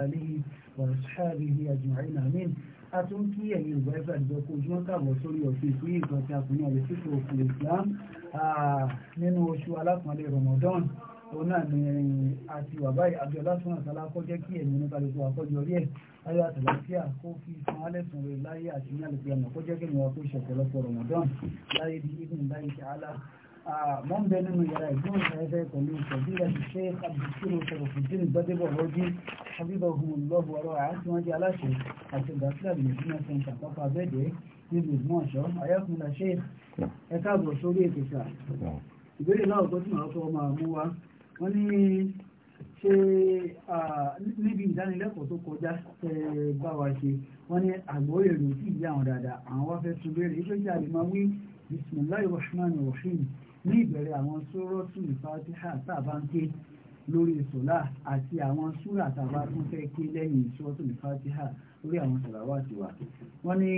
آله وأصحابه أجمعين آمين atún kí ẹ̀yin ìgbà ẹ̀fẹ́ àdìjọkọ ojúmọ́ kàbọ̀ sórí ọ̀sẹ̀ ìpín ìkan tí a kò ní àlẹ́ sípò òkú Islam nínú oṣù alápọ̀nlé Ramadan òun náà ni àti wàbá àbíọ́lá fún àtàlá kọ́ jẹ́ kí ẹ̀yin oníkàlùkù àkọ́jọ rí ẹ̀ ayọ́ àtàlàfíà kó fi san alẹ́sùn rẹ̀ láyé àti ní àlùkù àmọ́ kó jẹ́ kí ẹ̀yin wa kó ṣe ọ̀pọ̀lọpọ̀ Ramadan láyé bí ibùn láyé ṣe mọ́ ń bẹ nínú yàrá ìgbóhùnsáfẹ́fẹ́ pẹ̀lú ìtọ̀bílẹ̀ ti ṣe àbùsírò sọ̀rọ̀fùdín gbọ́débọ̀ rọ́jí habibahumullahu ọ̀rọ̀ àti wọ́n jẹ́ aláṣẹ àti ìgbàsílẹ̀ medina center pápá bẹ́ẹ̀dẹ̀ nílùú ìgbọ́nsọ̀ ayọ́kùnlá ṣe ẹ káàbọ̀ sórí ètò sà ìbéèrè náà kó tí màá fọ́ máa mú wa wọ́n ní ṣe níbi ìdánilẹ́kọ̀ọ́ tó kọjá bá wa ṣe wọ́n ní àgbọ̀ èrò tí ìyá àwọn dáadáa àwọn wá fẹ́ tún béèrè ìgbésẹ̀ àlè máa wí bismillahir rahmanir rahim ní ìbẹ̀rẹ̀ àwọn sórọ́tù ìfàtíhà tàbá ń ké lórí sọ́lá àti àwọn súrà tàbá tún fẹ́ ké lẹ́yìn sórọ́tù ìfàtíhà lórí àwọn sàràwà tiwa wọ́n ní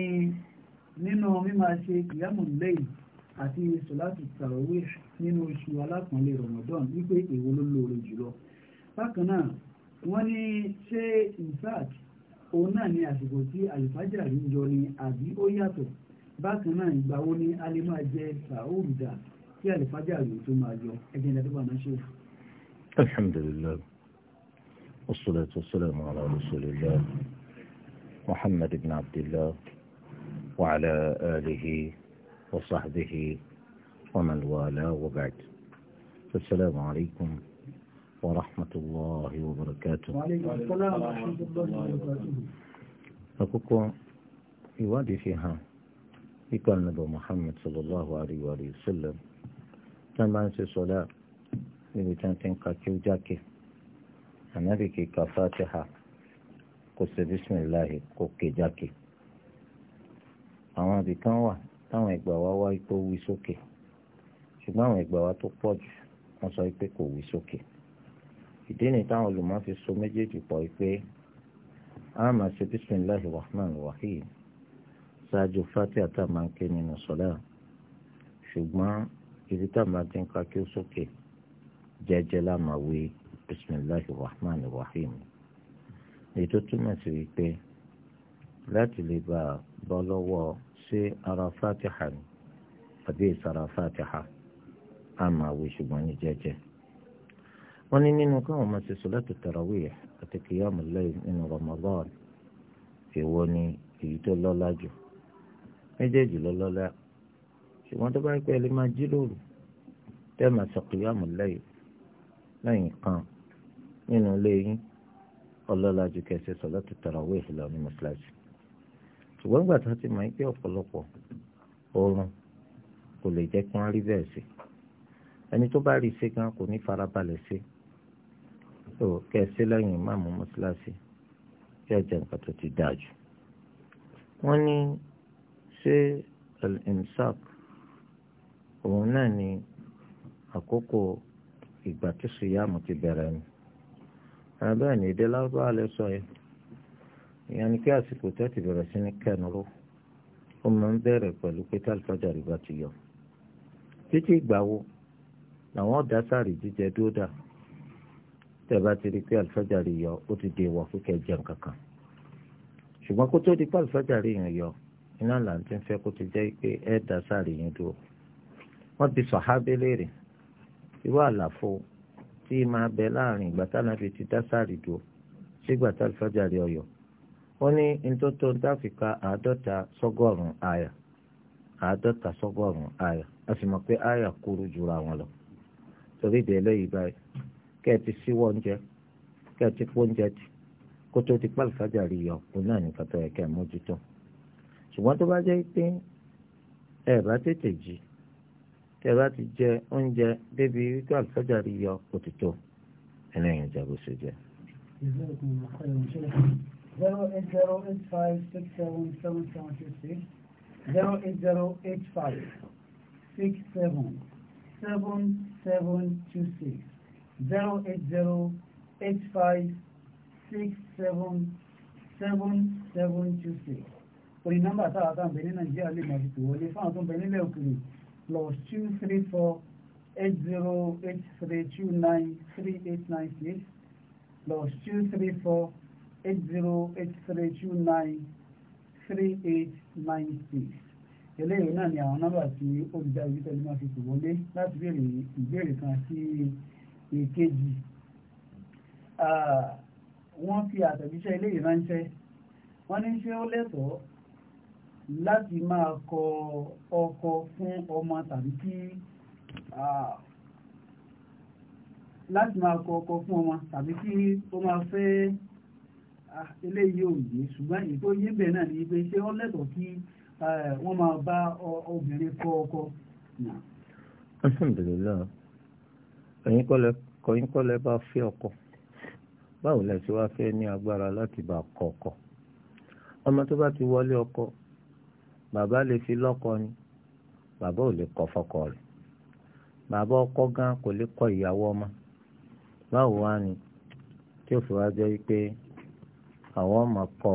nínú mímá ṣe kìyàmù lẹ́yìn àti sọ́látù tàwí nínú oṣù alápọ̀nlé Ramadan wípé èwo ló lóore jùlọ bákan náà wọ́n ní ṣé infact òun náà ni àsìkò tí àlùfájà rí ń yọ ni àbí ó yàtọ̀ الحمد لله والصلاة والسلام على رسول الله محمد بن عبد الله وعلى آله وصحبه ومن والاه وبعد السلام عليكم ورحمة الله وبركاته وعليكم السلام ورحمة الله وبركاته أقول يوادي فيها يقال نبو محمد صلى الله عليه وآله وسلم tí wọ́n bá ń ṣe sọ̀dá níbi tí wọ́n ti ń ka kí ó jákè ànábì kì í ka fatiha kò ṣe bísímìláhì kò ké jákè àwọn àbìkan wà táwọn ẹgbà wa wá ipò wí sókè ṣùgbọ́n àwọn ẹgbà wa tó pọ̀ jù wọ́n sọ pé kò wí sókè ìdí ni táwọn olùmọ̀ fi so méjèèjì pọ̀ pé a máa ṣe bísímìláhì rahman rahim ṣáájú fatiha tá a máa ń ké nínú sọ̀dá ṣùgbọ́n ibi tá a máa ti ń ka kí ó sókè jẹ́jẹ́ láàmà wí bisimilahi rahman rahim èyí tó túmọ̀ sí wípé láti lè bá a bọ́ lọ́wọ́ ṣé ara fatiha ni àbí ìsara fatiha a máa wí ṣùgbọ́n ní jẹ́jẹ́ wọ́n ní nínú káwọn máa ṣe sọ́látù tarawih àti kìyàmù lẹ́yìn nínú ramadan èwo ni èyí tó lọ́lá jù méjèèjì ló ṣùgbọ́n tó bá rí pé ẹ lè máa jí lóru tẹ́ máa ṣe kìyàmù lẹ́yìn lẹ́yìn kan nínú ilé yín ọlọ́lá ju kẹsẹ̀ sọ̀lá ti tarawih ìfìlà ní mọ́ṣáláṣí ṣùgbọ́n nígbà tó ti máa ń pé ọ̀pọ̀lọpọ̀ oorun kò lè jẹ́ kí wọ́n rí bẹ́ẹ̀ sí ẹni tó bá rí i ṣe gan kò ní farabalẹ̀ ṣe tó kẹsẹ̀ lẹ́yìn ìmáàmù mọ́ṣáláṣí kí ọjà nǹkan tó ti dáa jù wọ́n ní ṣé al-imsak òun náà ni àkókò ìgbà tí mo ti bẹ̀rẹ̀ ni bẹ́ẹ̀ ni èdè lárúbáwá lè sọ yìí ìyẹn ni kí àsìkò tó ti bẹ̀rẹ̀ sí ní kẹnuró ó máa ń bẹ̀rẹ̀ pẹ̀lú pé tálífàjà ti yọ títí ìgbà wo làwọn ọ̀dà sáré jíjẹ dúró dà ti rí pé àlùfájà rí yọ ó ti dé ìwà kíkẹ́ jẹun kankan ṣùgbọ́n kó tó di pé àlùfájà yàn yọ iná là ti fẹ́ kó wọ́n bi sọ̀hábé léèrè irú àlàfo tí máa bẹ láàrin ìgbà tá nàfi ti dásàrì dúró sígbà tá alifájàre ọyọ ó ní ntótó ń dáfíkà àádọ́ta sọ́gọ́rùn àyà àádọ́ta sọ́gọ́rùn àyà a sì mọ̀ pé àyà kúrú jura wọn lọ torí ìdè eléyìí báyìí kẹ́ ẹ ti síwọ́ oúnjẹ kẹ́ ẹ ti pọ́ tì kó tó ti pàlùfájàre yọ òun náà nìkan tó yẹ kẹ́ ẹ mójútó ṣùgbọ́n tó bá jẹ́ pé ẹ bá tètè jí tí ẹ bá ti jẹ oúnjẹ débi wípé àlùfáàjà rí yọ òtítọ́ ẹlẹ́yìn ìjà bó ṣe jẹ. zero eight zero eight five six seven seven seven six six zero eight zero eight five six seven seven seven two six zero eight zero eight five six seven seven seven two six. orí nọ́mbà táwa kan nàìjíríà lè máa fi tò fáwọn tó ń bẹ nílẹ̀ plus two three four eight zero eight three two nine three eight nine six plus two three four eight zero eight three two nine three eight nine six eléyìí náà ni àwọn nọ́mbà tí olùdarí tẹlẹ máa fi tìwọlé láti béèrè ìbéèrè kan sí èkejì ah, wọ́n fi àtẹ̀jíṣẹ́ eléyìí ránṣẹ́ wọ́n ní ṣé ó lẹ́tọ̀ọ́ láti máa kọ ọkọ fún ọmọ tàbí kí láti máa kọ ọkọ fún ọmọ tàbí kí ó máa fẹ́ eléyìí ò ṣùgbọ́n èyí tó náà ni pé ṣé ó lẹ́tọ̀ọ́ kí wọ́n máa bá obìnrin kọ ọkọ náà. alhamdulilayi ẹ̀yin kọ́ lẹ kọyín kọ́ lẹ bá fẹ́ ọkọ báwo lẹ ṣe wá fẹ́ ní agbára láti bá kọ ọkọ ọmọ tó bá ti wọlé ọkọ bàbá lè fi lọ́kọ ni bàbá ò lè kọ fọ́kọ rẹ̀ bàbá ọkọ gan kò lè kọ ìyàwó ọmọ báwo wá ni tí ó fi wá jẹ́ pé àwọn ọmọ kọ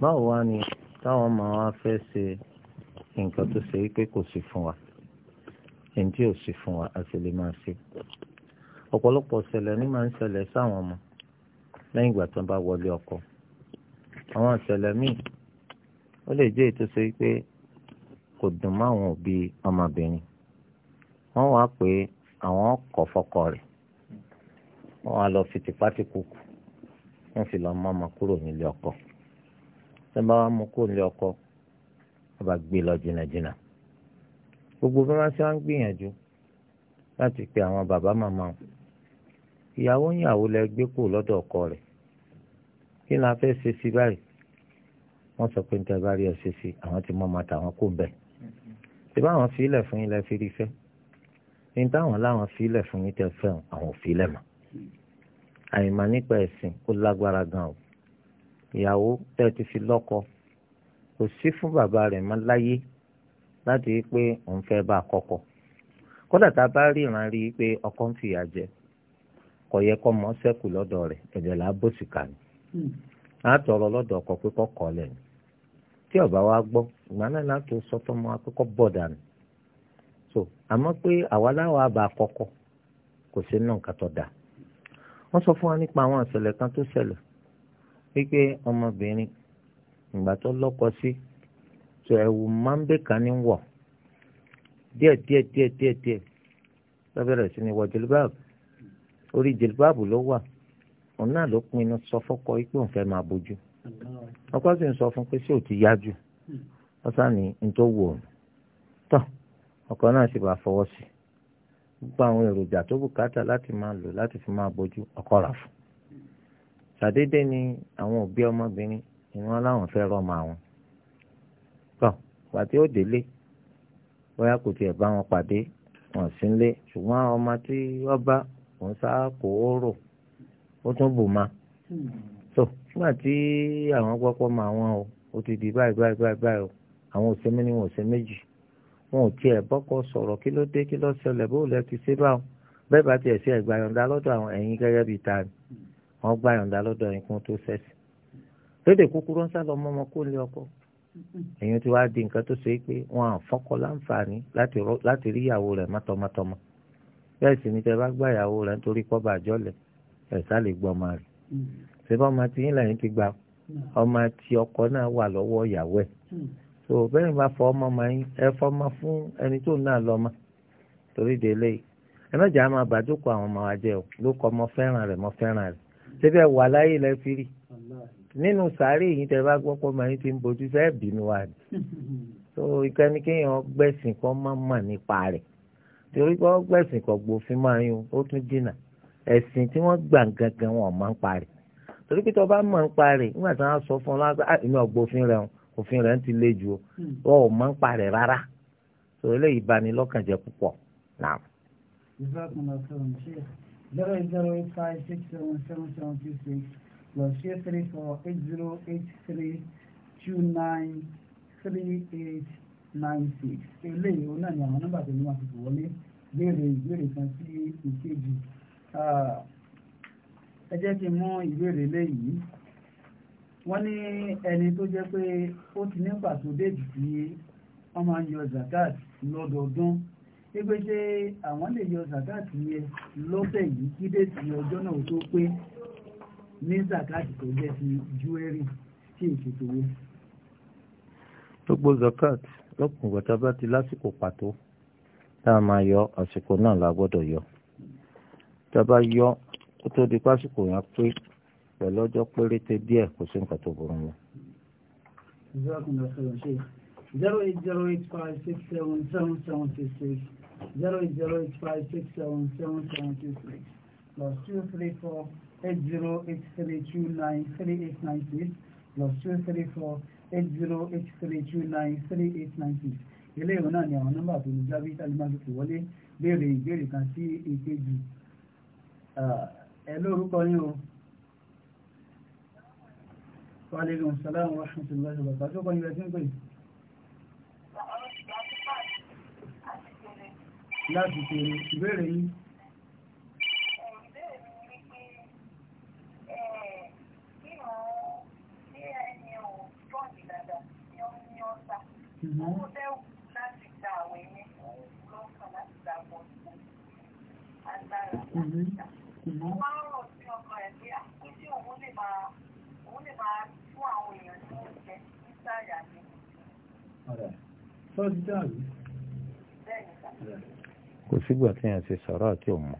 báwo wá ni táwọn ọmọ wa fẹ́ ṣe nǹkan tó ṣe pé kò sí fún wa ẹni ò sí fún wa a sì lè máa ṣe ọ̀pọ̀lọpọ̀ ṣẹlẹ̀ ní máa ń ṣẹlẹ̀ sáwọn ọmọ lẹ́yìn ìgbà tó ń bá wọlé ọkọ àwọn ìṣẹ̀lẹ̀ míì ó lè jẹ́ ètò sọ pé kò dùn mọ́ àwọn òbí ọmọbìnrin wọ́n wá pé àwọn ọkọ̀ fọkọ rẹ̀ wọ́n wá lọ fi tipátìkùkù wọ́n fi lọ mọ́ ọmọ kúrò nílé ọkọ tó bá wá mú kúrò nílé ọkọ wọ́n bá gbé lọ jìnnàjìnnà gbogbo bí wọ́n ṣe wá ń gbìyànjú láti pe àwọn bàbá màmá ìyàwó ìyàwó lẹ gbé kúrò lọ́dọ̀ ọkọ rẹ̀ kí ni a fẹ́ ṣe sí báyìí wọ́n sọ pé níta bá rí ọ ṣe sí àwọn ti mọ ọmọ tàwọn kò bẹ̀. ṣé báwọn fílẹ̀ fún yín lẹ fi rí fẹ́ ní táwọn láwọn fílẹ̀ fún yín tẹ fẹ́ àwọn ò fílẹ̀ mọ́. àyìnbá nípa ẹ̀sìn ó lágbára gan o ìyàwó tẹ́ ti fi lọ́kọ kò sí fún bàbá rẹ̀ mọ́ láyé láti rí pé òun fẹ́ bá a kọ́kọ́ kódà tá a bá ríran rí i pé ọkọ ń fìyà jẹ kò yẹ kọ́ mọ́ sẹ́kù lọ́dọ̀ rẹ̀ ẹ̀jẹ̀ là á bòsìkà ni. tọrọ lọ́dọ̀ ọkọ pé kọ́kọ́ lẹ̀ ni tí ọba wa gbọ ìgbà náà láti sọ fọmọ akẹ́kọ̀ọ́ bọ̀ dànù so àmọ́ pé àwa láwa bá kọ́kọ́ kò sí náà nǹkan tó dà wọn sọ fún wa nípa àwọn àṣẹlẹ̀ kan tó ṣẹlẹ̀ wípé ọmọbìnrin ìgbà tó lọ́kọ sí tó ẹ̀wù máńbé kan ní wọ̀ díẹ̀ díẹ̀ díẹ̀ díẹ̀ díẹ̀ lọ́bẹ̀rẹ̀ sí ni wọ̀ jìlbáàbù orí jìlbáàbù ló wà òun náà ló pinnu sọ fọ́kọ pé òun fẹ́ máa bójú ọkọ sì ń sọ fún pé sí ò ti yá jù hmm. wọ́n sá ní n tó wù òun tọ́ ọkọ náà sì bá fọwọ́ sí gbogbo àwọn èròjà tó bùkátà láti máa lò láti fi máa bójú ọkọ rà fún ṣàdédé ni àwọn òbí ọmọbìnrin ni láwọn fẹ́ rọ́ọ̀mọ àwọn tọ́ pàtí ó délé bóyá kò tiẹ̀ bá wọn pàdé wọn sí ń lé ṣùgbọ́n ọmọ tí wọ́n bá òun sá kó o rò ó tún bù ma hmm. so nígbà tí àwọn gbọ́pọ̀ mọ àwọn o ó ti di báyìí báyìí báyìí báyìí o àwọn ò ṣe mí ni wọn ò ṣe méjì wọn ò tiẹ̀ bọ́kọ sọ̀rọ̀ kí ló dé kí ló ṣẹlẹ̀ bó lẹ ti ṣe báwọn bẹ́ẹ̀ bá tiẹ̀ ṣe ẹ̀gbà yọ̀ǹda lọ́dọ̀ àwọn ẹ̀yin gẹ́gẹ́ bíi ta ni hmm. wọ́n gbà yọ̀ǹda lọ́dọ̀ ẹ̀yin kún tó ṣẹ̀ṣì lédè kúkúrú ń sá lọ mọ́mọ́ kó lé ọkọ hmm. ẹ̀yin tí wàá di nǹkan tó ṣe é pé wọn à láǹfààní láti rí ìyàwó rẹ̀ mọ́tọmọ́tọmọ bẹ́ẹ̀ sì ni tẹ bá gbà ìyàwó rẹ̀ nítorí kọ́ bàjọ́ lẹ̀ ẹ̀ sá lè gbọ́ ọmọ rẹ̀ hmm. ṣèbá ọmọ tí yín lẹ́yìn ti gba hmm. ọmọ tí ọkọ náà wà lọ́wọ́ ìyàwó ẹ̀ tó hmm. bẹ́ẹ̀ bá fọ ọmọ ọmọ yín ẹ fọmọ fún ẹni tó náà lọ́mọ torí délé ẹ mẹ́jọ á máa bàdúkọ àwọn ọmọ wa jẹ́ ló kọ́ mọ fẹ́ràn rẹ̀ mọ fẹ́ràn rẹ̀ síbẹ̀ wà láyé lẹ́ fi rí nínú sàárè yìí tẹ bá gbọ́ pé ọmọ yín ti ń bojú fẹ́ bínú wa ni tó ìkànnìkéyàn gbẹ̀sìn kan máa mà nípa rẹ̀ torí pé ó gbẹ̀sìn gbòfin máa yún ó tún dínà ẹ̀sìn tí wọ́n gbà gangan wọn máa ń parí torí pé tí wọ́n bá máa ń parí nígbà tí wọ́n sọ fún wọn lágbá ah, èmi ọ̀gbọ́n òfin rẹ̀ òfin rẹ̀ ń ti le jù ọ́ hmm. wọn ò máa ń parí rárá so eléyìí bá lọ́kàn jẹ́ púpọ̀ náà. zero zero eight five six seven seven seven two six plus three three four eight zero eight three two nine three eight nine six eléyìí ó náà ní àwọn nọ́mbà tó ní wọn fi wọlé béèrè ìbéèrè kan sí ìkejì ẹ jẹ́ kí n mú ìbéèrè léyìí wọ́n ní ẹni tó jẹ́ pé ó ti ní pàtó déètì tí wọ́n máa ń yọ zakat lọ́dọọdún wípé ṣé àwọn lè yọ zakat yẹn lọ́sẹ̀ yìí kí déètì ọjọ́ náà tó pé ní zakat tó jẹ́ ti júwẹ́rì tí ìṣètò wọ́n gbogbo zakat lọ́kùnrin gbọ́dọ̀ bá ti lásìkò pàtó tá a máa yọ àsìkò náà la gbọ́dọ̀ yọ tọba yọ kó tó di pásítọ̀ yẹn pé pẹ̀lú ọjọ́ péréte díẹ̀ kò sí nǹkan tó burú mu. zero eight zero eight five six seven seven seven six six zero eight zero eight five six seven seven seven six six plus two three four eight zero eight three two nine three eight nine six plus two three four eight zero eight three two nine three eight nine six eléyìí náà ni àwọn nọ́mbà tó ń jábí tálímà tó ti wọlé béèrè ìbéèrè kan sí èkejì ẹ lórúkọ yín o wàlẹ́gùn sàlámù wàhùnsùnlá ṣùgbọ́n tó kọ́ ní rẹ̀ tí ń pè láti tèrè ìbéèrè yìí Mm-hmm. Ó máa ń rọ̀ sí ọkọ ẹ̀ pé àkókò tí òun lè máa òun lè máa fún àwọn èèyàn ní oúnjẹ ní sáyà ni. Sọ́ọ́dí dàrú. Kò sígbà tí yẹn ti sọ̀rọ̀ àti òmò.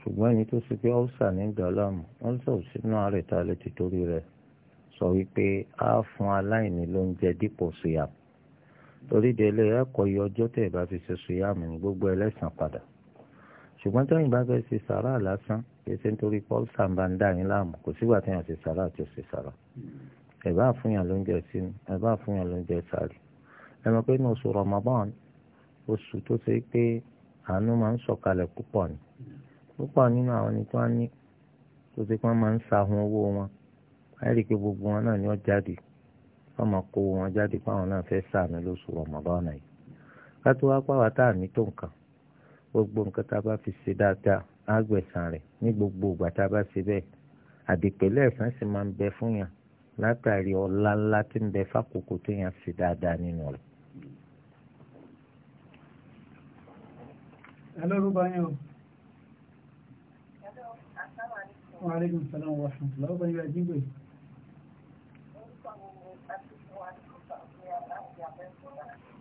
Ṣùgbọ́n ẹni tó ṣe pé ọ́lsà ní ìdálàmù, ọ́lsà ò sínú àárẹ̀ tá a lè ti torí rẹ̀ sọ wípé á fún aláìní lóúnjẹ dípò ṣùyàmù. Torí délé ẹ̀kọ́ iye ọjọ́ tẹ̀ bá fi ṣe ṣùyàmù ní gbogbo ẹlẹ́sàn padà. ṣùgbọ́n tẹ́yìn bá fẹ́ ṣe sàrà lásán ṣe nítorí paul samba ndị dà yín láàmú kò sígbà tẹ́yìn ṣe sàrà tó ṣe sàrà ẹ bá fúnyàn lóúnjẹ sínú ẹ bá lóúnjẹ mọ̀ pé ní oṣù Ramadan oṣù tó ṣe pé àánú máa ń sọ̀kalẹ̀ púpọ̀ ni púpọ̀ nínú àwọn ẹni tó ní ń owó wọn láì rí gbogbo wọn náà ni wọ́n jáde wọ́n máa kó wọn náà fẹ́ sàánú lóṣù Ramadan yìí ká tó wá gbogbo nǹkan tá a bá fi ṣe dáadáa á gbẹ̀san rẹ̀ ní gbogbo ìgbà tá a bá ṣe bẹ́ẹ̀ àdìpẹ̀lẹ̀ ẹ̀san sì máa ń bẹ fún yàn látàrí ọlá ńlá tí ń bẹ fákòókò tó yàn ṣe dáadáa nínú rẹ̀. Hello, Rubayo. Hello, assalamu alaikum. Wa alaikum salam wa rahmatullahi wa barakatuh. Ajigbe.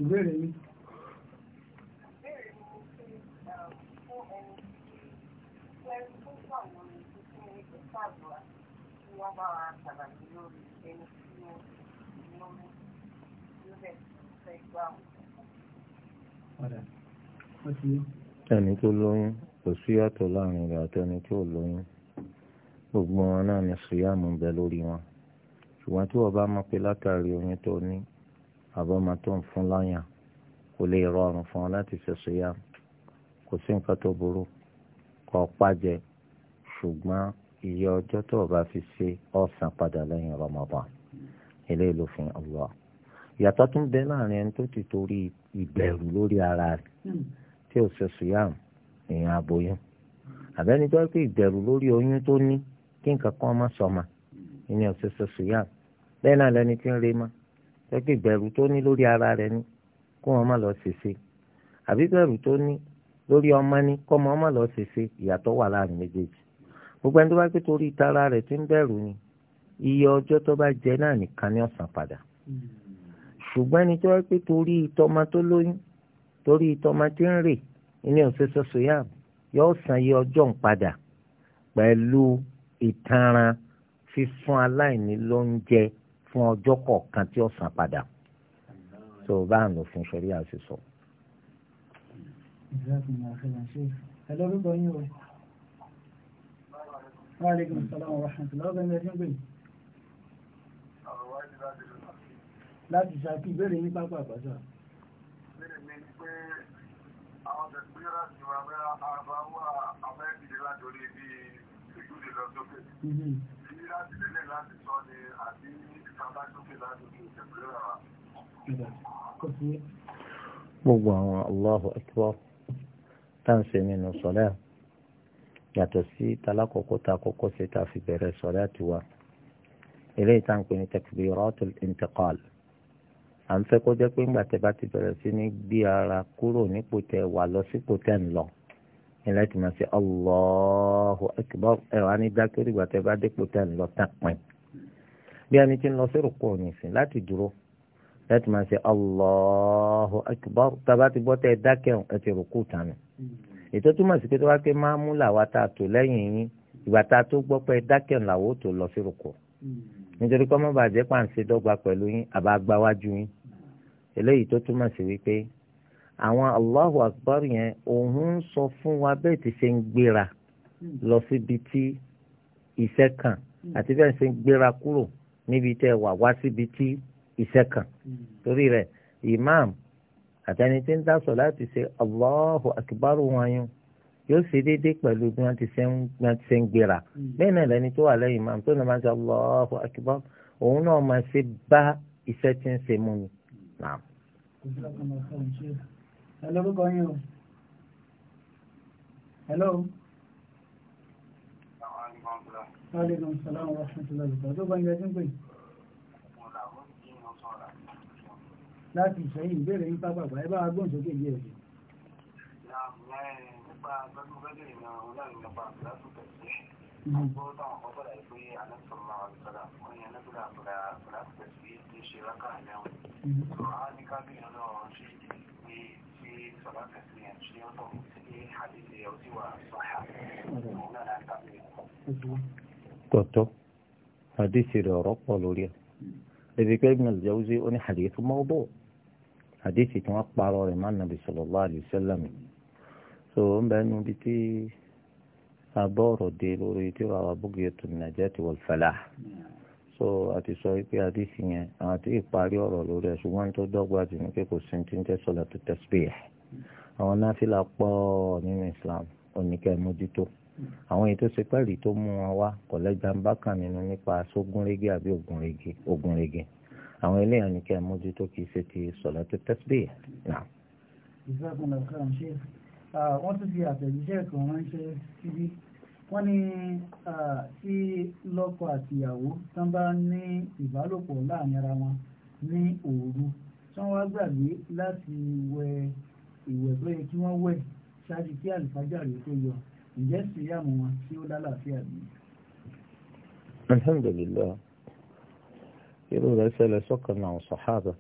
Ìbéèrè yìí. ẹni tó lóyún kò sí yàtọ̀ láàrin rẹ̀ àti ẹni tó lóyún gbogbo wọn náà ni síyàmù bẹ lórí wọn ṣùgbọ́n tí wọ́n bá mọ̀ pé látàrí oyún tó ní àbọ̀mọ́ tó ń fún láyà kò lè rọrùn fún ọ láti ṣe síyàmù kò sí nǹkan tó burú kọ́ pàjẹ́ ṣùgbọ́n iye ọjọ́ tó o bá fi ṣe ọ̀sán padà lẹ́yìn Ramadan eléyìí ló fi Allah ìyàtọ̀ tún bẹ láàrin ẹni tó ti torí ìbẹ̀rù lórí ara rẹ̀ hmm. tí ò ṣe sùyàm èèyàn aboyún àbẹ́ni tó pé ìbẹ̀rù lórí oyún tó ní kí nǹkan kan má sọmọ ìyẹn ò ṣe ṣe sùyàm bẹ́ẹ̀ náà lẹni tí ń re mọ́ tó pé ìbẹ̀rù tó ní lórí ara rẹ̀ ni kó wọn má lọ ṣèṣe àbí ìbẹ̀rù tó ní lórí ọmọ ni kó wọn má lọ ṣèṣe ìyàtọ̀ wà láàrin méjèèjì gbogbo ẹni tó bá pé torí ìtara rẹ̀ ti ń bẹ̀rù ni iye ọjọ́ tó bá jẹ náà nìkan ni ó san padà ṣùgbọ́n ẹni tó bá pé torí ìtọ́mọ tó lóyún torí ìtọ́mọ tí ń rè ní òṣèṣe sòyàm yóò san iye ọjọ́ ń padà pẹ̀lú ìtanràn fífún aláìní lóúnjẹ fún ọjọ́ kọ̀ọ̀kan tí ó san padà tó o bá lò fún ṣẹ̀ríà àṣìṣọ. ìdílé àti ìmọ̀ àfẹ́lẹ́ ṣe ẹ lórúkọ yín o. Wa alaikum assalam wa rahmatullahi ọgbẹ́ni ẹ̀sìn gbé. Láti ṣàkí ìbéèrè yín pápá àpàṣà. Ìbéèrè mi ni pé àwọn tẹ̀síwájú láti wà bẹ́ àbá wà abẹ́ẹ̀dìdì láti orí bí ìjúde lọ sókè. Mm-hmm. Ìbí láti lélẹ̀ láti sọ ni àbí ìkàbá sókè láti orí ìtẹ̀síwájú wa. Gbogbo àwọn Allahu Akbar tá ń ṣe nínú sọ́lẹ́ yàtọ̀ sí talákọ̀ọ́kọ́ tá a kọ́kọ́ ṣe tá a fi bẹ̀rẹ̀ sọ̀rọ̀ àti wa eléyìí tá à ń pè ní takbiratul intiqal à ń fẹ́ kó jẹ́ pé ńgbà tẹ́ bá ti bẹ̀rẹ̀ sí ní gbé ara kúrò nípò tẹ́ wà lọ sípò tẹ́ ń lọ ilẹ̀ tí ma ṣe Allahu akbar ẹ̀rọ anídákẹ́ ìgbà tẹ́ bá dépò tẹ́ ń lọ tán pin bí ẹni tí ń lọ sí rúkú òní láti dúró láti ma ṣe Allahu akbar tá a bá ti gbọ́ tẹ́ dákẹ́ ẹ̀ ti rúkú tán ni ètò túmọ̀ sí pé tó wá pé máa mú làwa tá a tò lẹ́yìn yín ìgbà tá a tó gbọ́ pé dákẹ́ làwọn ò tó lọ sí rúkọ̀ hmm. nítorí kọ́ mọ́ bàjẹ́ pàǹsẹ̀ dọ́gba pẹ̀lú yín àbá gbáwájú yín eléyìí tó túmọ̀ sí wípé àwọn Allahu Akbar yẹn òun sọ fún wa bẹ́ẹ̀ ti ṣe ń gbéra hmm. lọ síbi tí iṣẹ́ kàn hmm. àti bẹ́ẹ̀ ṣe ń gbéra kúrò níbi tẹ́ wà wá síbi tí iṣẹ́ kàn torí rẹ̀ imam àtẹni tí ń dá sọ láti ṣe Allahu akbar wọn yún yóò ṣe déédéé pẹ̀lú bí wọ́n ti ṣe ń gbéra hmm. bẹ́ẹ̀ náà lẹni tó wà lẹ́yìn máa tó náà máa ṣe Allahu akbar òun náà máa ṣe bá iṣẹ́ tí ń ṣe mú mi. Hello, o. Hello. Wa alaikum salaam wa láti ìṣẹ́yìn ìbéèrè yín pápápá ẹ bá wa gbọ́n sókè díẹ̀ sí. nípa gbẹ́gbẹ́ bẹ́ẹ̀ ni àwọn ọlọ́run nípa àbúrásù tẹ̀sí gbogbo táwọn kan sọ̀rọ̀ pé alẹ́sọ̀rọ̀ àbúrà wọ́n yẹn lẹ́sọ̀rọ̀ àbúrà àbúrásù tẹ̀sí ti ṣe rákà lẹ́wọ̀n. àwọn á mhm. ní kábíyàn náà ṣe pé ṣé sọ̀rọ̀ tẹ̀sí yẹn ṣe ọ̀tọ̀ sí àdéhìí ọtí wà sọ̀hà òun náà láti kábíyàn. tọ̀tọ̀ àdéhìí rẹ̀ ọ̀rọ̀ pọ̀ lórí ẹ̀ ẹ̀dẹ̀gbẹ́gbẹ́ ìjọ́wọ́sí ó ní àdéhìí tó mọ́ bọ́ọ̀ àdéhìí tí wọ́n parọ́ rẹ̀ má nàbì sallallahu alaihi wasallam so ń bẹ nu bí tí abọ́ ọ̀rọ̀ dé lórí tí wàá wà Bughyatul Najati wal Falah so àti sọ wípé àdéhìí yẹn àwọn àti ìparí ọ̀rọ̀ lórí ẹ̀ ṣùgbọ́n tó dọ́gba jù ní pé kò ń tẹ́ salatu tasbih àwọn náfìlà pọ̀ nínú Islam oníkẹ́ mójútó àwọn èyí tó ṣe pẹ́ẹ́lí tó mú wọn wá kọ̀lẹ́gbàmbákan nínú nípa sógúnrégé àbí ògúnrégé ògúnrégé àwọn eléyàn ní kí ẹ mójútó kì í ṣe ti sọ̀látù tasbih náà. ìfẹ́kùn lọ́kàn ṣe wọ́n tún fi àtẹ̀jíṣẹ́ kan ránṣẹ́ síbí wọ́n ní ah, tí lọ́kọ àtìyàwó tán bá ní ìbálòpọ̀ láàrin ara wọn ní òru tí wọ́n wá gbàgbé láti wẹ ìwẹ̀ tó yẹ kí wọ́n wẹ̀ ṣáájú kí àlùfájàre tó yọ ǹjẹ́ síyàmù wọn tí ó lálàáfíà bí. alhamdulillah irú rẹ̀ ṣẹlẹ̀ sọ́kàn àwọn sàhábà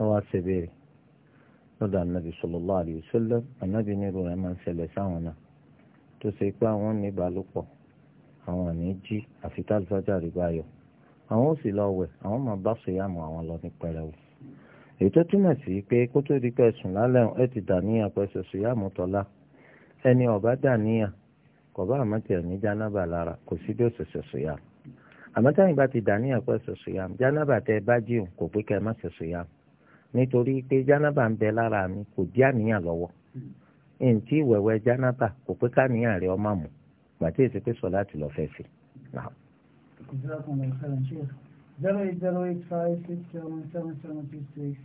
ẹ wá ṣe béèrè lọ́dọ̀ ànábì sallallahu alaihi wasallam ànábì ní irú rẹ̀ máa ń ṣẹlẹ̀ sáwọn náà tó ṣe pé àwọn ní ìbálòpọ̀ àwọn àní jí àfi tá àlùfáàjà rí bá yọ àwọn ò sì lọ wẹ̀ àwọn máa bá ṣèyàmù àwọn lọ ní pẹrẹwu èyí tó túmọ̀ sí pé kó tó di pé sùn lálẹ́ ẹ ti dàníyàn pẹ̀sẹ̀ ṣèyàmù tọ́lá ẹni ọ̀bá dàníyàn kọ̀bá àmọ́tẹ̀ ní jánábà lára kò sí bí ó ṣẹ̀ṣẹ̀ ṣèyàmù àmọ́ táyìn bá ti dàníyàn pé ṣoṣo yam jánábà tẹ bá jíun kò pé kẹ́ ẹ má ṣoṣo yam nítorí pé jánábà ń bẹ lára mi kò dí àníyàn lọ́wọ́ ntí wẹ̀wẹ̀ jánábà kò pé káníyàn rẹ ọmọ mu gbàtí èsì pé sọlá ti lọ fẹ́ fi. zero eight zero eight five six seven seven seven two six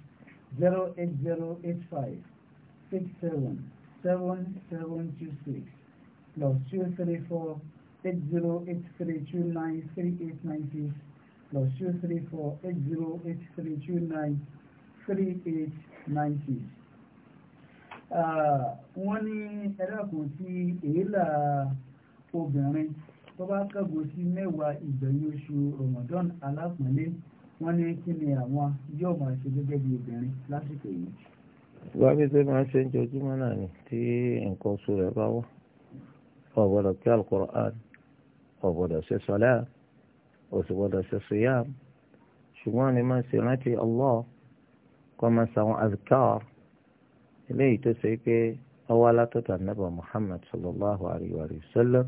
zero eight zero eight five six seven seven seven two six plus two three four. 8083293890 plus two three four eight zero eight three two nine three eight nine six. Uh, wọ́n ní ẹlẹ́kùn tí èélà obìnrin tó bá kẹ́gùn sí mẹ́wàá ìgbẹ̀yìn oṣù Ramadan alápọ̀nlé wọ́n ní kí ni àwọn yóò máa ṣe gẹ́gẹ́ bí obìnrin lásìkò yìí. ìwà bíi pé máa ṣe ń jojúmọ́ náà ni tí nǹkan oṣù rẹ̀ bá wọ̀ ọ̀gbọ́dọ̀ kí Al-Qur'an kò gbọ́dọ̀ ṣe sọlá kò sì gbọ́dọ̀ ṣe siyam ṣùgbọ́n ni máa ṣe rántí Allah kó máa ṣàwọn azkar eléyìí tó ṣe pé ọwọ́ alátọ́tà nàbà Muhammad sallallahu alayhi wa sallam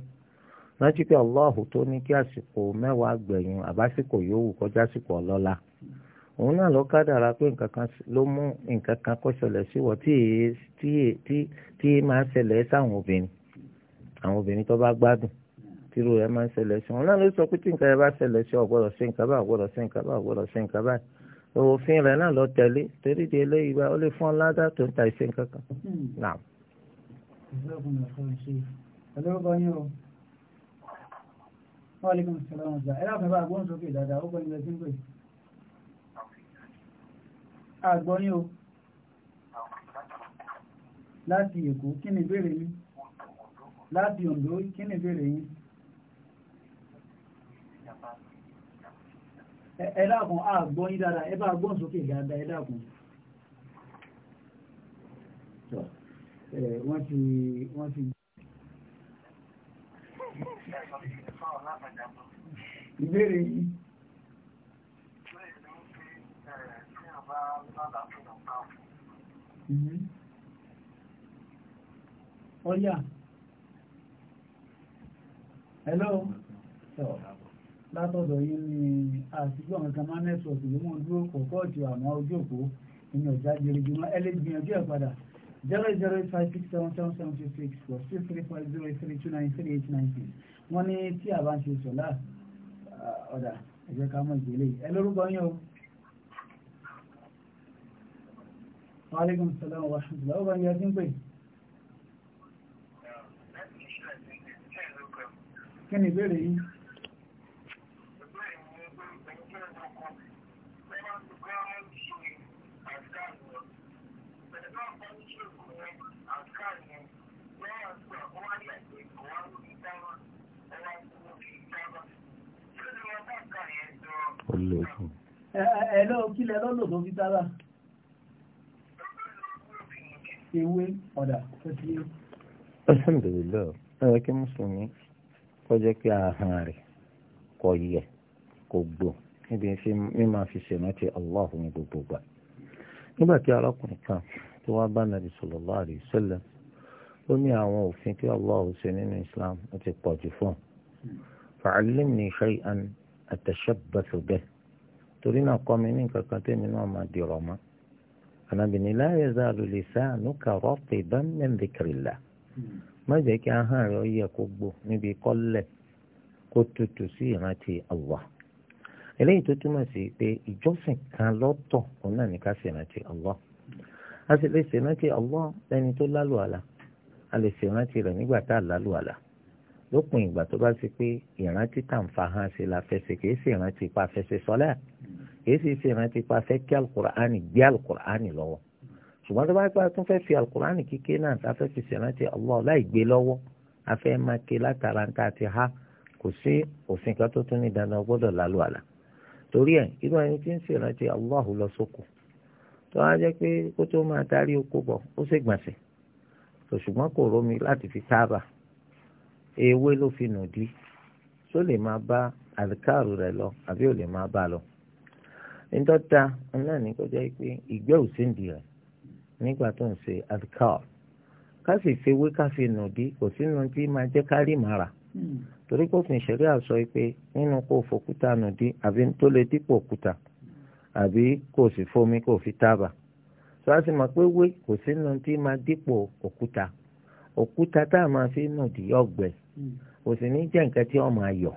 rántí pé Allah tó ní kí àsìkò mẹ́wàá gbẹ̀yìn àbásìkò yòówù kọjá àsìkò ọlọ́lá òun náà lọ kádàrá pé nǹkan kan ló mú nǹkan kan kó ṣẹlẹ̀ sí wọ́n tí máa ṣẹlẹ̀ sáwọn obìnrin àwọn obìnrin tó bá gbádùn tìrú rẹ̀ máa ń ṣẹlẹ̀ sí wọn náà ló sọ pé tí nǹkan yẹn bá ṣẹlẹ̀ sí ọ̀gbọ́dọ̀ sí nǹkan báyìí ọ̀gbọ́dọ̀ sí nǹkan báyìí ọ̀gbọ́dọ̀ sí nǹkan báyìí òfin rẹ̀ náà lọ tẹ̀lé torí di eléyìí bá ó lè fún ọ ládà tó ń ta ìṣe nǹkan kan. àgbọ̀nyìn o láti èkó kí ni ìbéèrè yín láti Oǹdó kí ni ìbéèrè yín. ẹ̀dàkùn àgbọ́ yí dáadáa ẹbá gbọ́n sókè dáadáa ẹ̀dàkùn wọ́n ti wọ́n ti ìbéèrè yìí ọ̀yà mhm. hello látọ̀dọ̀ yìí ní àtijọ́ nǹkan máa nẹ́tíwọ̀kì ló mú un dúró kò kọ́ọ̀tù àmọ́ ojú òpó ìyẹn ọ̀já gẹ̀rẹ́gẹ̀ mọ́ ẹ lè gbìyànjú ẹ̀ padà zero zero eight five six seven seven seven two six four six three five zero eight three two nine three eight nine six wọ́n ní tí a bá ń ṣe sọ̀lá ọ̀dà ẹ ká mọ̀ ìgbélé ẹ lórúkọ yín o. Aleykum salaam wa rahmatulah. Ọba ni a ti ń pè. Kí ni ìbéèrè yìí? ó lè fún. ẹ̀lọ́ kílẹ̀ lọ́lọ́ tó fi sára ewé ọ̀dà tó ti yé. alhamdulilayi ẹ̀rọ kí mùsùlùmí kó jẹ́ pé ahọ́n rẹ̀ kò yẹ kò gbò níbi mímọ́ fi ṣèrántí Allah ní gbogbo gbà nígbà tí arákùnrin kan tí wọ́n bá nàbì sallallahu alaihi wasallam ó ní àwọn òfin tí Allah ṣe nínú Islam ó ti pọ̀ jù fún un fa'allimni shay'an àtẹ̀sẹ́bẹ̀fẹ̀ bẹ́ẹ̀ torí náà kọ́ mi ní nǹkan kan tẹ́mi náà máa dìrọ̀ mọ́ ànábìnrin láyé záàlù lè sáà nùkà rọ́ọ̀pì bá mẹ́mbìkìrìlà má jẹ́ kí ahọ́n rẹ̀ yẹ kó gbó níbi kọ́lẹ̀ kó tutù sí ìrántí Allah eléyìí tó túmọ̀ sí pé ìjọsìn kan lọ́tọ̀ òun náà ní ká sì rántí Allah a sì lè ṣèrántí Allah lẹ́ni tó lálù a lè ṣèrántí rẹ̀ nígbà tá a lálù lópin ìgbà tó bá ṣe pé ìrántí tàǹfà hàn ṣe la fẹsẹ̀ kìí ṣe ìrántí pa fẹsẹ̀ sọ́lá kìí ṣe ṣe ìrántí pa fẹ́ kí alukur'ani gbé alukur'ani lọ́wọ́ ṣùgbọ́n tó bá pẹ́ tún fẹ́ fi alukur'ani kíké náà tá a fẹ́ fi ṣèrántí Allah láì gbé lọ́wọ́ a fẹ́ máa ké látara ń tá ti há kò sí òfin kan tó tún ní dandan gbọ́dọ̀ lálù àlà torí ẹ̀ irú ẹni tí ń ṣèrántí Allah lọ ewé ló fi nù dí só lè máa bá àdìkáàrù rẹ̀ lọ àbí ò lè máa bá lọ. nítọ́ta náà ní kọjá pé ìgbẹ́ òsèǹdì rẹ̀ nígbà tó ń ṣe àdìkáàrù ká sì fewé ká fi nù dí kò sínú tí máa jẹ́ ká rí màrà hmm. torí kò fi ìṣẹ̀rí àsọ pé nínú kó fòkúta nù dí àbí tó lè dípò òkúta àbí kò sì fomi kò fi tábà tó a sì mọ̀ pé wé kò sínú tí máa dípò òkúta òkúta tá a máa fi nù dí ọ̀gbẹ́ kò sì ní jẹ́ nǹkan tí ọmọ ayọ̀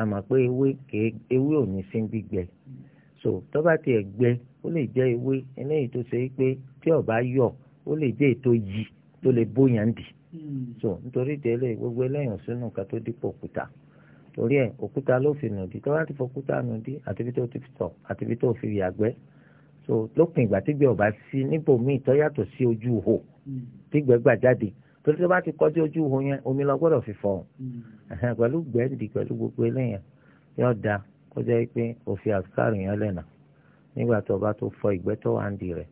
àmọ́ pé ewé kèé ewé ò ní sí gbígbẹ so tó bá tiẹ̀ gbẹ ó lè jẹ́ ewé eléyìí tó ṣe pé tí ó bá yọ̀ ó lè jẹ́ ètò yìí tó lè bóyàn dì so nítorí délé gbogbo eléyàn sínú nǹkan tó dípò òkúta torí ẹ òkúta ló fi nùdí tó bá ti fọkúta nùdí àti ibi tó ti tọ̀ àti ibi tó fi yàgbẹ́ so lópin ìgbà tígbẹ́ ọba sí níbòmíì tó yàtọ̀ sí ojú ihò tígbẹ́ gbà jáde torí tó bá ti kọjú ojú ihò yẹn omi lọ gbọ́dọ̀ fi fọ mm. pẹ̀lú gbẹ̀ẹ́dì pẹ̀lú gbogbo eléyàn yóò da kó jẹ́ pé òfin àfikàrù yẹn lẹ́nà nígbà tó bá tó fọ ìgbẹ́ tó wà ń di rẹ̀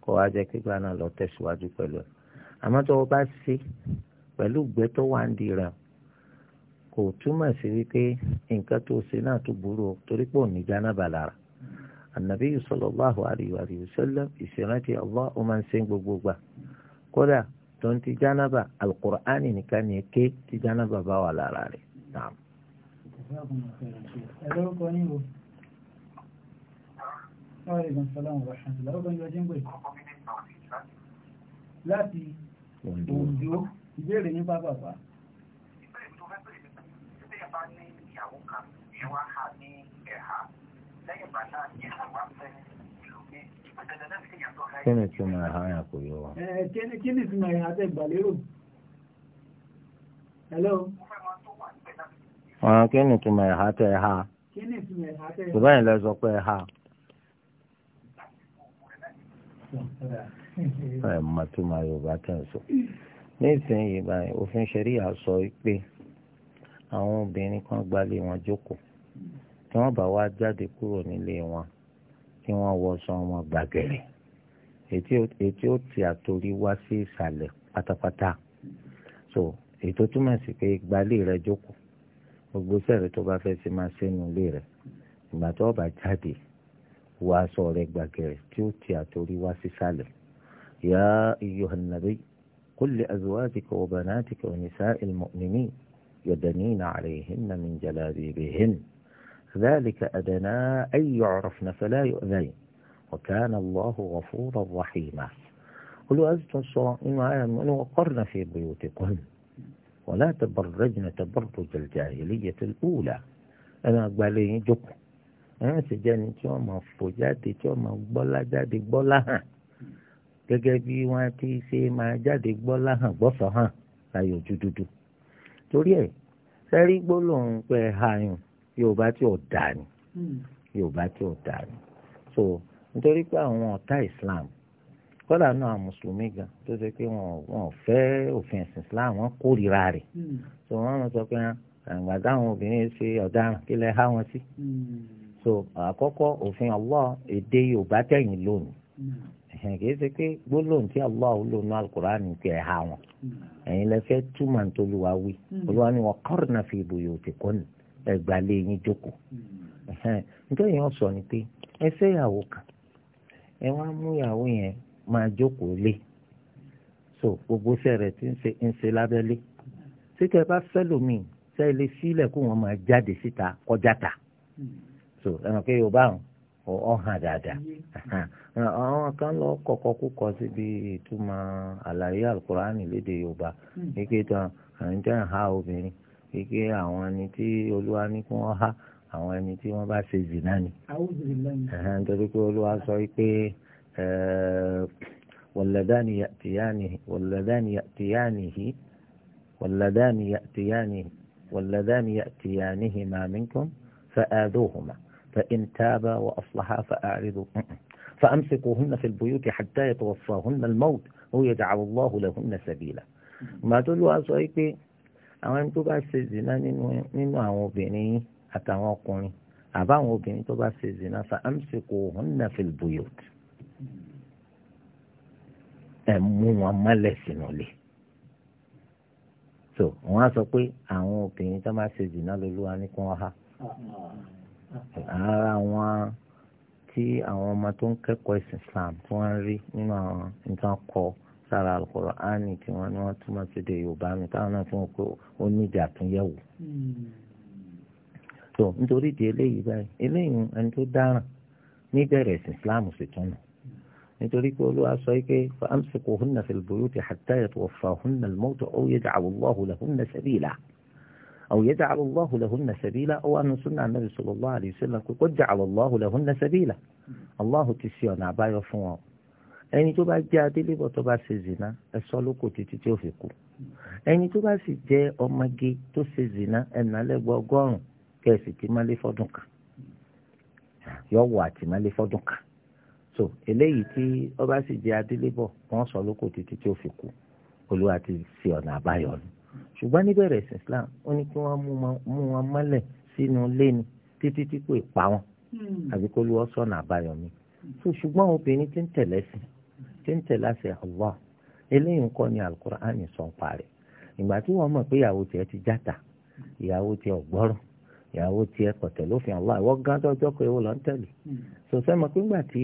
kó wá jẹ́ pé gbaná lọ tẹ̀síwájú pẹ̀lú ẹ̀ àmọ́ tó o bá ṣe pẹ̀lú ìgbẹ́ tó wà ń di rẹ̀ kò túmọ̀ sí wípé nǹkan tó ṣe náà tó burú o torí pé òní jáná bàlára ànàbí sallallahu alaihi wa sallam ìṣèrántí Allah ó máa ń ṣe gbogbo gbà kódà tó ń ti jánaba alukur'ani ni ti jánaba bá wà lára naam. kan kí ni túmọ̀ ẹ̀ hàn kò yọ wa. kí ni túmọ̀ ẹ̀ àti ìgbàlérò. ọ̀hún kí ni túmọ̀ ẹ̀ hà tẹ̀ ẹ̀ hà. ṣùgbọ́n ẹ̀ lọ sọ pé ẹ̀ hà. ẹ̀ mọ̀ túmọ̀ Yorùbá tẹ̀ ń sọ. nísìnyí báyìí òfin ṣẹ̀ríyà sọ pé àwọn obìnrin kan gbalé wọn jókòó tí wọ́n bá wá jáde kúrò nílé wọn kí wọ́n wọṣọ wọn gbàgẹ̀rẹ̀ ètí ó ti àtòrí wá sí ìsàlẹ̀ pátápátá so ètò túmọ̀ sí pé gbalé rẹ jókòó gbogbo sẹ́rẹ̀ tó bá fẹ́ ṣe máa ṣe nù lé rẹ̀ ìgbà tó bá jáde wọ aṣọ rẹ gbàgẹ̀rẹ̀ tí ó ti àtòrí wá sí ìsàlẹ̀ ya ayyuhan nabi qul li azwajika wa banatika wa nisa'il mu'minin yadnina 'alayhinna min jalabibihinna. ذلك أدنى أن يعرفن فلا يؤذين وكان الله غفورا رحيما قلوا أزتوا إن وقرن في بيوتكن ولا تبرجن تبرج الجاهلية الأولى أنا أقبلين جوكم ẹ̀rọ ti jẹ́ ni tí wọ́n máa fò jáde tí wọ́n máa gbọ́lá jáde gbọ́lá hàn gẹ́gẹ́ bí wọ́n ti ṣe máa jáde gbọ́lá hàn gbọ́sọ̀ hàn láyé ojú dúdú. torí ẹ̀ sẹ́rí gbólóhùn pé ẹ̀hà yùn yorùbá tí ò dáa ni hmm. yorùbá tí ò dáa ni so nítorí pé àwọn ọ̀tá islam kọ́dà náà àwọn mùsùlùmí gan tó ṣe pé wọn ò fẹ́ òfin ẹ̀sìn islam wọn kórìíra rẹ̀ hmm. so wọn sọ pé ah, àgbà táwọn obìnrin ṣe ọ̀daràn kí lè há wọn sí hmm. so àkọ́kọ́ òfin Allah èdè yorùbá tẹ̀yìn lónìí kì í ṣe pé gbólóhùn tí Allah lónìí alukur'an ní ti ẹ̀ há wọn ẹ̀yin lẹ fẹ́ túmọ̀ nítorí wa wí olúwa ni wọ́n kọ́rin náà fi ibùyọ̀ òtí ẹgbàálẹ̀ yín joko nítorí yẹn sọ ni pé ẹ fẹ́ kan ẹ wá mú yẹn máa joko lé so gbogbo iṣẹ́ ti ń se ń ṣe lábẹ́lé títẹ bá fẹ́ lómi kó wọn máa jáde síta kọjá ta so ẹnì pé yorùbá ọ̀hàn dáadáa àwọn kan lọ kọ̀kọ́ kúkọ síbi ìtumọ̀ àlàyé alukur'ani yorùbá ní hmm. kí tán ha obìnrin. pé àwọn ẹni tí olúwa ní kí wọ́n há àwọn ẹni tí wọ́n bá ṣe zì náà ni. nítorí pé olúwa sọ pé wàlàdáni yàtìyànìhì wàlàdáni yàtìyànìhì wàlàdáni yàtìyànìhì wàlàdáni yàtìyànìhì màmínkùn فآذوهما فإن تابا وأصلحا فأعرضوا فأمسكوهن في البيوت حتى يتوفاهن الموت هو يجعل الله لهن سبيلا ما تقول له àwọn ẹni tó bá ṣe zina nínú àwọn obìnrin yín àtàwọn ọkùnrin àbáwọn obìnrin tó bá ṣe zina fa amsikuhunna fil buyut ẹ mú wọn mọ́lẹ̀ sínú lé so wọn á sọ pé àwọn obìnrin tó máa ṣe zina lolúwa ní kí wọn há ara wọn tí àwọn ọmọ tó ń kẹ́kọ̀ọ́ ìsìn Islam tí wọ́n ń rí nínú àwọn nǹkan kọ́ sára alukur'ani kí wọ́n ní wọ́n túmọ̀ sí de yorùbá mi táwọn náà fún ọkọ onídìí àtúnyẹ̀wò. tó nítorí di eléyìí báyìí eléyìí ẹni tó dáràn níbẹ̀rẹ̀ sí islam sì tún nù nítorí pé olúwa sọ yìí pé famsikuhunna fil buyuti hatta yatawaffahunna al-mawtu aw yaj'ala Allahu lahunna sabila aw yaj'ala Allahu lahunna sabila ó wà nù súnà Nabi sallallahu alayhi wa sallam pé qad ja'ala Allahu lahunna sabila Allahu ti ṣe ọ̀nà àbáyọ fún wọn. ẹni tó bá jẹ́ adélébọ̀ tó bá ṣe zina ẹ sọ lóko títí tí ó fi kú ẹni tó bá sì jẹ́ ọmọge tó ṣe zina ẹ̀nà lẹ́gbọ́ ọgọ́rùn-ún tí má lé fọ́dún kan yọ àti má lé fọ́dún kan so eléyìí tí ó bá sì jẹ́ adélébọ̀ wọ́n sọ lóko títí tí ó fi kú olúwa ti ṣe ọ̀nà àbáyọ ni ṣùgbọ́n níbẹ̀rẹ̀ ẹ̀sìn Islam ó ní kí wọ́n mú wọn mọ́lẹ̀ sínú léni títí tí kò pa wọn hmm. àbí kó lu ọ́ àbáyọ ni so ṣùgbọ́n obìnrin ti ń tẹ̀lẹ́sìn tí ń tẹ̀lé àṣẹ Allah eléyìí ń kọ́ ni alukur'ani sọ ń parẹ́ ìgbà tí wọ́n mọ̀ pé ìyàwó tiẹ̀ ti játa ìyàwó tiẹ̀ ọ̀gbọ́rọ̀ ìyàwó tiẹ̀ kọ̀tẹ̀ lófin Allah ìwọ́n gán tọ́jọ́ pé ó lọ ń tẹ̀lé sọ̀sẹ́ mọ̀ pé ńgbà tí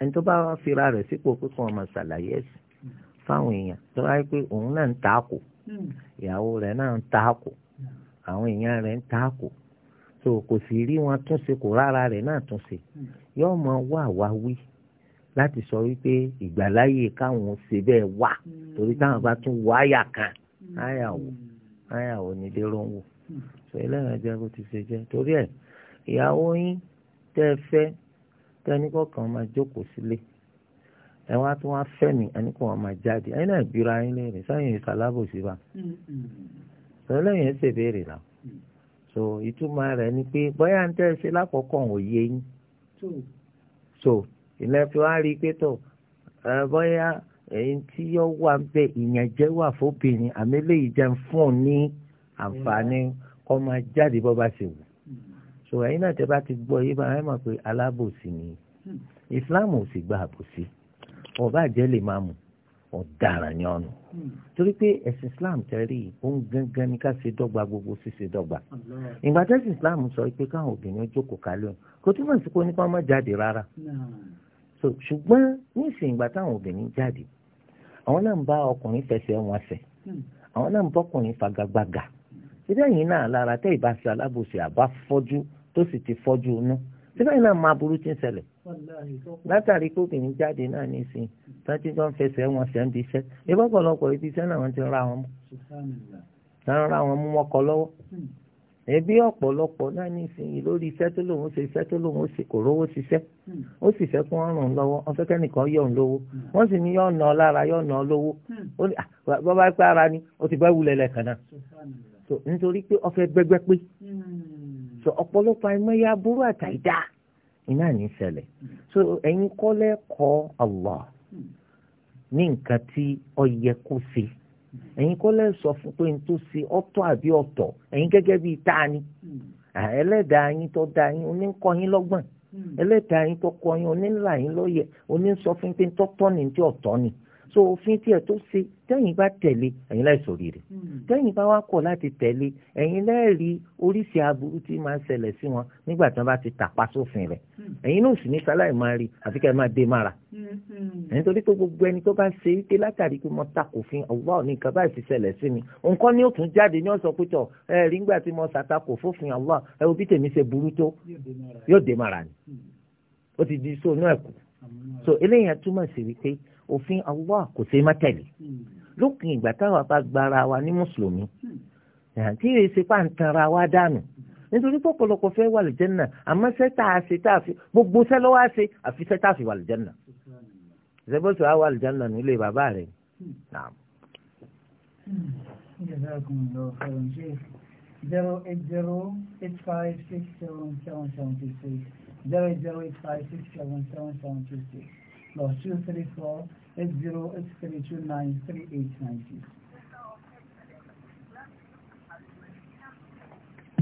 ẹni tó bá fira rẹ̀ sípò pé kò ọmọ ṣàlàyé ẹ̀sìn fáwọn èèyàn tó wáyé pé òun náà ń taako ìyàwó rẹ̀ náà ń taako àwọn èèyàn rẹ̀ ń taako so kò sì rí wọn túnṣe kò rárá rẹ̀ náà túnṣe yóò mọ wá wá wí láti sọ wípé ìgbàláyè káwọn ṣe bẹ́ẹ̀ wà hmm. torí táwọn bá tún wọ àyà kan hmm. àyà wò àyà wò ní dérò ń wò hmm. sọ ẹlẹ́rìn ẹjẹ́ bó ti ṣe jẹ́ torí ẹ̀ ìyàwó yín tẹ́ ẹ fẹ́ tẹ́ ẹni kọ̀ọ̀kan máa jókòó sílé ẹ wá tún wá fẹ́ mi ẹni kọ̀ọ̀kan máa jáde ẹni náà bíra yín léèrè sáyẹn ìsàlábò sí wa sọ ẹlẹ́rìn ẹ̀ ṣèbéèrè là so ìtumọ̀ rẹ̀ ni pé bóyá ń tẹ́ ẹ ṣe lákọ̀ọ́kọ̀ so ìlànà tí wàá rí i pé tó bóyá èyí tí yọ wà ń bẹ ìyẹn jẹ́ wà fóbìnrin àmì eléyìí jẹ́ fún un ní àǹfààní kọ́ máa jáde bọ́ bá ṣe wù so ẹ̀yin náà tẹ́ bá ti gbọ́ yìí máa ń mọ̀ pé alábòsí ni ìsìláàmù ò sì gba àbòsí ọba jẹ́ lè máa mú ọ̀daràn ni ọ̀nà torí pé ẹ̀sìn islam tẹ́rí òun gangan ni ká ṣe dọ́gba gbogbo ṣíṣe dọ́gba ìgbà tẹ́sí islam sọ pé káwọn obìnrin jókòó kalẹ̀ kò túmọ̀ sí pé onípa má jáde rárá so ṣùgbọ́n nísìnyí ìgbà táwọn obìnrin jáde àwọn náà ń bá ọkùnrin fẹsẹ̀ wọn fẹ̀ hmm. àwọn náà ń bọ́kùnrin fagagbága síbẹ̀yìn náà lára tẹ́ ìbáṣe alábòsí àbá fọ́jú tó sì ti fọ́jú inú síbẹ̀yìn náà máa burú ti ń ṣẹlẹ̀ látàrí pé obìnrin jáde náà nísìnyí tọ́jú tó ń fẹsẹ̀ wọn fẹ́ ń bí iṣẹ́ ìbọ̀pọ̀lọpọ̀ ibi iṣẹ́ náà wọ́n ti ẹbí ọ̀pọ̀lọpọ̀ náà nísìnyí lórí iṣẹ́ tó lòun ṣe iṣẹ́ tó lòun ṣe kò rówó ṣiṣẹ́ hmm. ó sì fẹ́ kí wọ́n lọ́wọ́ wọ́n fẹ́ yọ̀ ń lówó hmm. wọ́n sì ní yọ̀ ń hmm. ni ó ti bá wulẹ̀ lẹ́ẹ̀kan náà nítorí pé ọ̀fẹ́ gbẹ́gbẹ́ pé ọ̀pọ̀lọpọ̀ àìmọye aburú àtàìdá iná ní so ẹ̀yin kọ́lẹ́ kọ́ Allah ní nǹkan tí yẹ ẹ̀yin kọ́ lẹ́ sọ fún pé n tó ṣe ọ̀tọ̀ àbí ọ̀tọ̀ ẹ̀yin gẹ́gẹ́ bíi ta ni ẹlẹ́dàá yín tó dá yín oníkọ́ yín lọ́gbọ̀n ẹlẹ́dàá yín tó kọ́ yín onílà yín lóye onísọ fún pé tọ́tọ́ ni tí ọ̀tọ̀ ni so òfin tiẹ̀ tó ṣe tẹ́yìn bá tẹ̀lé ẹ̀yin láì sọ rírì tẹ́yìn bá wá kọ̀ láti tẹ̀lé ẹ̀yin lẹ́ẹ̀rí oríṣi aburú tí máa ń ṣẹlẹ̀ sí wọn nígbà tí wọ́n bá ti tàpá sófin rẹ̀ ẹ̀yin náà sì ní sáláì máa rí àfikẹ́ máa dé mára nítorí pé gbogbo ẹni tó bá ṣe wípé látàrí pé mo ta kò fin Allah ní nǹkan báyìí ti ṣẹlẹ̀ sí mi nǹkan ní òtún jáde ní ọ̀sán pítọ̀ ẹ rí tí mo ṣàtakò fófin Allah ẹ wo bí tèmi ṣe burú tó yóò dé mara ni ó ti di sóònù ẹ̀kú so eléyìí túmọ̀ sí wípé òfin Allah kò ṣe má tẹ̀lé lópin ìgbà táwa bá gbára wa ní mùsùlùmí tí èyí ṣe pà ń tanra wa dànù nítorí pọ̀pọ̀lọpọ̀ fẹ́ wà lìjẹ́nà àmọ́ sẹ́tà àṣetà àfi gbogbo sẹ́lọ́wọ́ àṣe àfi sẹ́tà àfi wà lìjẹ́nà ìṣẹ́gbọ́sọ àwọn àlùjáná nílé bàbá rẹ̀ náà. zero eight zero eight five six seven seven seven two six zero eight zero eight five six seven seven seven two six plus two three four eight zero eight three two nine three eight nine six.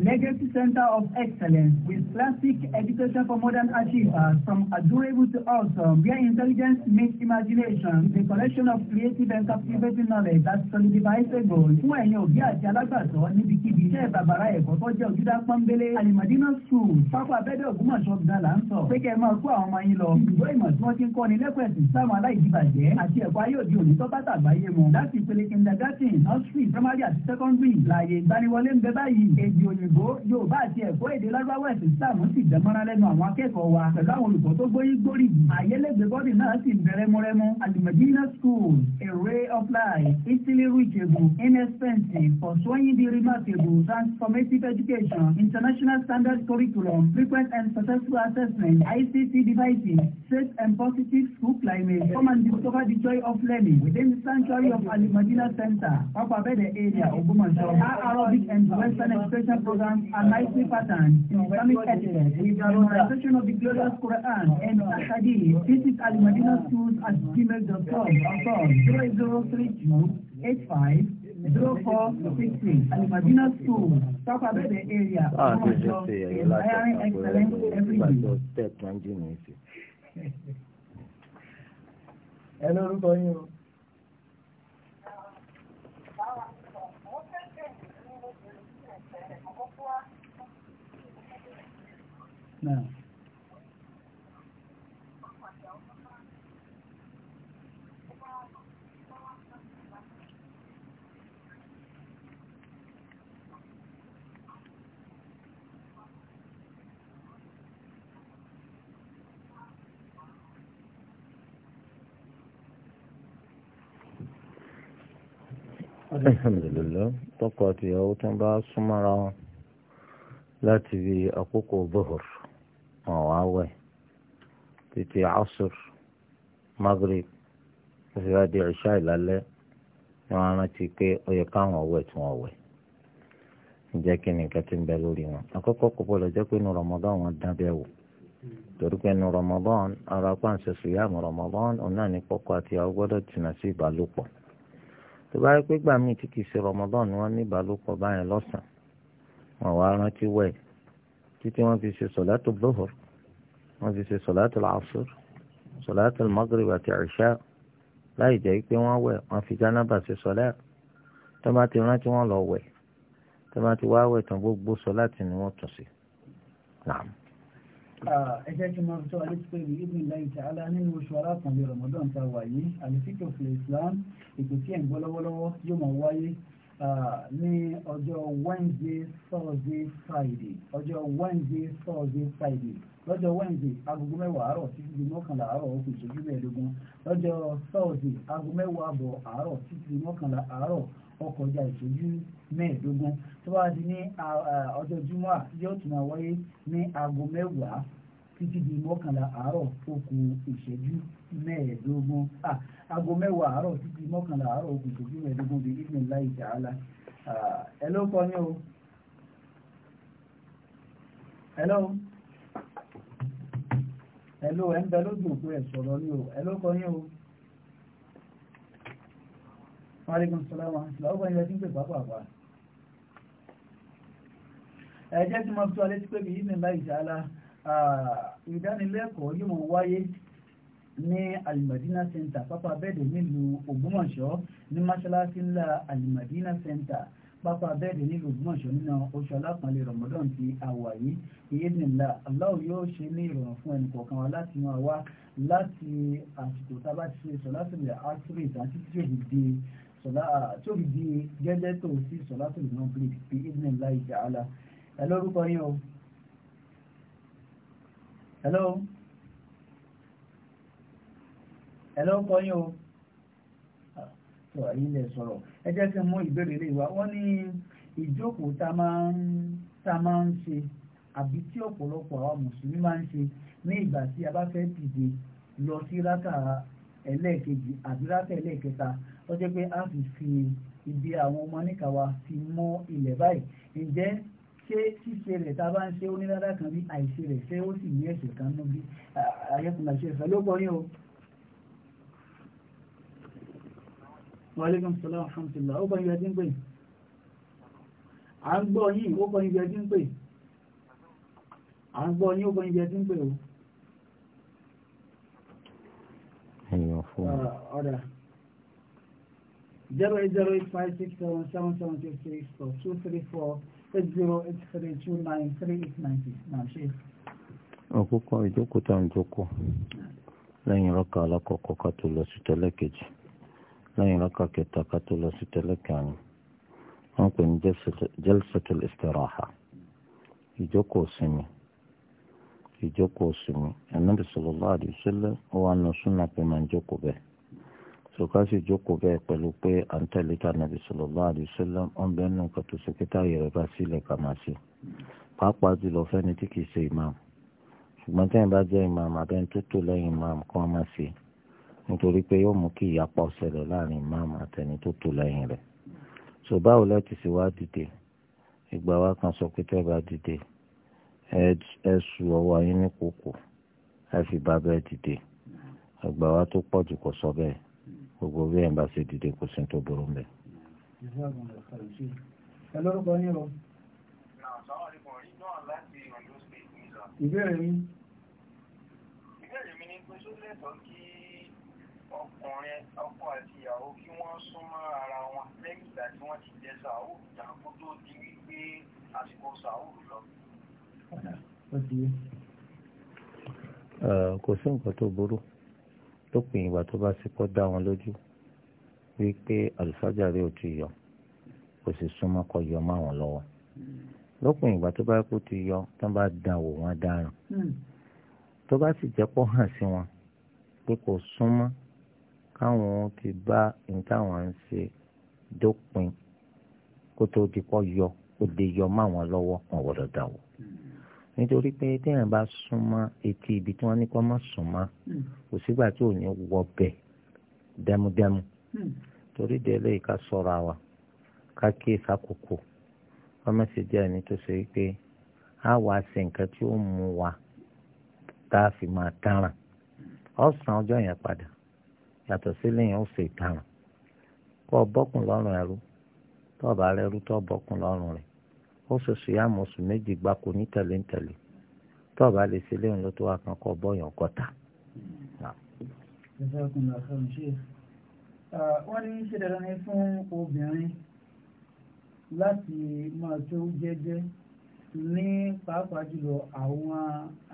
Legacy Center of Excellence with classic education for modern achievers from adorable to awesome, where intelligence meets imagination, the collection of creative and captivating knowledge that solidifies a goal. Fún ẹ̀yin òbí àti alágbàtọ́ níbikíbi iṣẹ́ bàbàrà ẹ̀kọ́ tó jẹ́ òjúdá pọ́nbélé Alimadina School pápá abẹ́dẹ̀ Ògbómọ̀ṣọ́ gan la ń sọ. Pé kẹ́ ẹ máa kó àwọn ọmọ yín lọ. Ìgbó ìmọ̀ tí wọ́n ti ń kọ́ni lẹ́kọ̀ọ́ ẹ̀sìn sáwọn aláìdíbàjẹ́ àti ẹ̀kọ́ ayé òde òní tó bá tàgbáyé mu. Láti ìpele kindergarten, nursery, primary àti secondary. Làyè ìgbaniwọlé ń bẹ báyìí. Èdè òyìnb òyìnbó yorùbá àti ẹ̀kọ́ èdè lárúbáwá ẹ̀sìn sáàmù sì dẹ́mọ́ra lẹ́nu àwọn akẹ́kọ̀ọ́ wa pẹ̀lú àwọn olùkọ́ tó gbóyí gbórí àyẹlẹ́gbẹ́ bọ́dì náà sì ń bẹ̀rẹ̀ mọ́rẹ́mú alimadina school a ray of life easily reachable inexpensive pursuing the remarkable transformative education international standard curriculum frequent and successful assessment ICC devices safe and positive school climate come and discover the joy of learning within the sanctuary of alimadina center papa bẹ́ẹ̀ area Ògbómọ̀ṣọ́ Arabic and Western Expression Program unlikely patterns in Islamic etiquette with the memorization of the glorious Quran and Hadith. This is Al Madina Schools at gmail.com or call 0032 85 0466 Al Madina Schools, South the area. Ah, this is Inspiring excellence every day. Ẹ lórúkọ نعم الحمد لله تقاتي أو تنبع الصمراء لا تبي أقوق الظهر àwẹ̀ Titi asur, maghrib òfin bá ìlálẹ́ ni wọ́n rántí pé ó yẹ káwọn ọ̀wẹ̀ tún ọ̀wẹ̀ ǹjẹ́ kí ni nǹkan ti ń bẹ lórí wọn àkọ́kọ́ kò gbọ́dọ̀ jẹ́ pé nu wọn dán bẹ́ẹ̀ wò torí pé nu ara pàǹsẹ̀ sùyàmù Ramadan òun náà ní kọ́kọ́ àti àwọn gbọ́dọ̀ tìǹà sí ìbálòpọ̀ tó bá pé gbà tí kì í ṣe ni wọ́n ní ìbálòpọ̀ báyẹn lọ́sàn wọ́n ti ṣe sọ̀láàtì làásùr sọ̀láàtì mọ́gìrìbà àti àṣà láì jẹ́ pé wọ́n wẹ̀ wọ́n fi jánábà ṣe sọ̀láà tó bá ti rántí wọ́n lọ wẹ̀ tó bá ti wá wẹ̀ tán gbogbo sọ̀láàtì ni wọ́n tún sí. ẹ jẹ́ kí n máa sọ alẹ́sípẹ́ mi ibi ìlà ìjà alá nínú oṣù alákùnrin Ramadan ta wà yìí àlùfíkò fìlẹ̀ Islam ètò tí ẹ̀ ń gbọ́ lọ́wọ́lọ́wọ́ yóò máa wáyé ní ọjọ́ Wednesday Thursday Friday ọjọ́ Wednesday Thursday Friday lọ́jọ́ wednesday agogo mẹ́wàá àárọ̀ títí di mọ́kànlá àárọ̀ ó kù ìṣẹ́jú mẹ́ẹ̀ẹ́dógún lọ́jọ́ thursday agogo mẹ́wàá àbọ̀ àárọ̀ títí di mọ́kànlá àárọ̀ ó kọjá ìṣẹ́jú mẹ́ẹ̀ẹ́dógún tó bá di ní ọjọ́ jumọ́ yóò tún máa wáyé ní aago mẹ́wàá títí di mọ́kànlá àárọ̀ ó kù ìṣẹ́jú mẹ́ẹ̀ẹ́dógún aago mẹ́wàá àárọ̀ títí di mọ́kànlá àárọ̀ hello ẹ̀lò ẹ̀ ń bẹ lójú òkú ẹ̀ sọ̀rọ̀ ní o ẹ̀lò kọ yín o maaleykum salaam wa rahmatulah ọgbà ilẹ̀ tí ń pè pàápàá ẹ jẹ́ tí mo tó alẹ́ tí pé bí ìsìn láì sàálà ìdánilẹ́kọ̀ọ́ yóò mọ̀ wáyé ní alimadina center pápá bẹ́ẹ̀dẹ̀ nílùú Ògbómọ̀ṣọ́ ní mọ́ṣáláṣí ńlá alimadina center pápá bẹ́ẹ̀dì nílùú Ògbómọ̀ṣọ́ nínú oṣù alápọ̀nlé Ramadan ti àwà yìí ìyẹ́dìnlá Allah yóò ṣe ní ìrọ̀rùn fún ẹnì kọ̀ọ̀kan wa láti máa wá láti àsìkò tábà ti ṣe sọ láti ilẹ̀ áṣírí ìtàtí tí yóò di sọlá tó fi di gẹ́gẹ́ tó sí sọlá tó lè náà bíi bí ìdìnlá ìjà ala ẹ lórúkọ yín o. hello hello kọ́ yín o sọ̀rọ̀ yìí lè sọ̀rọ̀ ẹ jẹ́ kí n mú ìbéèrè lè wá wọ́n ní ìjókòó tá a máa ń ṣe àbí tí ọ̀pọ̀lọpọ̀ àwọn mùsùlùmí máa ń ṣe ní ìgbà tí a bá fẹ́ dìde lọ sí rákà ẹlẹ́ẹ̀kejì àbí rákà ẹlẹ́ẹ̀kẹta ó jẹ́ pé a fi fi ibi àwọn ọmọ níkàwá fi mọ́ ilẹ̀ báyìí ǹjẹ́ ṣé ṣíṣe rẹ̀ tá a bá ń ṣe ó ní rárá kan bí àìṣe rẹ̀ ṣé ó sì ní ẹ̀ṣẹ̀ kan níbi ayẹ́kùnlá ṣe fẹ́ ló gbọ́ ní o. wàlẹ́gàn sọlá alhamdulillah ó bọ́n ibi ẹjí ń pè à ń gbọ́ yìí ó bọ́n ibi ẹjí ń pè à ń gbọ́ yìí ó bọ́n ibi o. ẹ̀yàn fún mi. ọ̀rẹ́ zero eight zero eight five six seven seven seven six six four two three four eight zero eight three two nine three eight nine six náà ṣe. ọkùnkọ ìjókòó tá à ń jókòó lẹ́yìn rọ́kà alákọ̀ọ́kọ́ ká tó lọ sí tẹ́lẹ̀ kejì lẹ́yìn rákà kẹta ká tó lọ sí tẹ́lẹ̀ kẹrin wọ́n pè ní jalsatul istiraha ìjókòó sinmi ìjókòó sinmi Ànábì sallallahu alaihi wasallam ó wà nù súnà pé máa ń jókòó bẹ́ẹ̀ sọ̀ká sì jókòó bẹ́ẹ̀ pẹ̀lú pé à ń tẹ̀lé ká Ànábì sallallahu alaihi wasallam ọ̀n bẹ́ẹ̀ nù kàtó sèkítà yẹrẹ bá sílẹ̀ kà máa ṣe pàápàá jùlọ fẹ́ni tí kì í ṣe ìmáàmù ṣùgbọ́n tẹ́yìn bá jẹ́ ìmáàmù abẹ́ni tó tò lẹ́yìn ìmáàmù kọ́ máa ṣe nítorí pé yóò mú kí ìyapa ọ̀sẹ̀lẹ̀ láàrin imam àtẹni tó tò lẹ́yìn rẹ̀ so báwo láti ṣe wá dìde ìgbà wa kan sọ pé tẹ́ bá dìde ẹ su ọwọ́ yín ní kókó ẹ fi bá bẹ́ẹ̀ dìde ìgbà wa tó pọ̀ jù kò sọ bẹ́ẹ̀ gbogbo bí ẹ̀ ń bá ṣe dìde kò sí tó burú mbẹ́. ìbéèrè mi. ìbéèrè mi lẹ́tọ̀ọ́ kí ọkùnrin ọkọ àti ìyàwó kí wọ́n súnmọ́ ara wọn lẹ́yìn ìgbà tí wọ́n ti jẹ sàáwù tán kó tó di wípé àsìkò sàáwù lọ. kò sí nǹkan tó burú lópin ìgbà tó bá sì kọ́ dá wọn lójú wípé àlùfájàre ò ti yọ kò sì súnmọ́ kọ́ yọ mọ́ àwọn lọ́wọ́ lópin ìgbà tó bá kú ti yọ tán bá dán wò wọ́n dáràn hmm. tó bá sì jẹ́ pọ́ hàn sí wọn pé kò súnmọ́ káwọn fi bá ntáwọn ń ṣe dópin kó tó di yọ ó yọ mọ́ lọ́wọ́ wọn gbọ́dọ̀ nítorí pé téèyàn bá súnmọ́ etí ibi tí wọ́n ní kó má súnmọ́ kò sígbà tí ò ní wọ bẹ̀ dẹ́múdẹ́mú torí délé ìka sọ̀rọ̀ ká kí ẹni tó ṣe pé a wà ṣe nǹkan tí ó mú a yàtọ̀ sílẹ̀ yẹn ó ṣe ìtaràn kó o bọ́kùn lọ́rùn ẹrú tó o bá rẹ́rú tó o bọ́kùn lọ́rùn rẹ̀ ó ṣe sùyàmù oṣù méjì gbáko ní tẹ̀léńtẹ̀lé tó o bá lè ṣe léyìn ló tó wà kan kó o bọ́yàn kọta. wọ́n ní ṣe dandan ni fún obìnrin láti máa tó jẹ́jẹ́ ní pàápàá jùlọ àwọn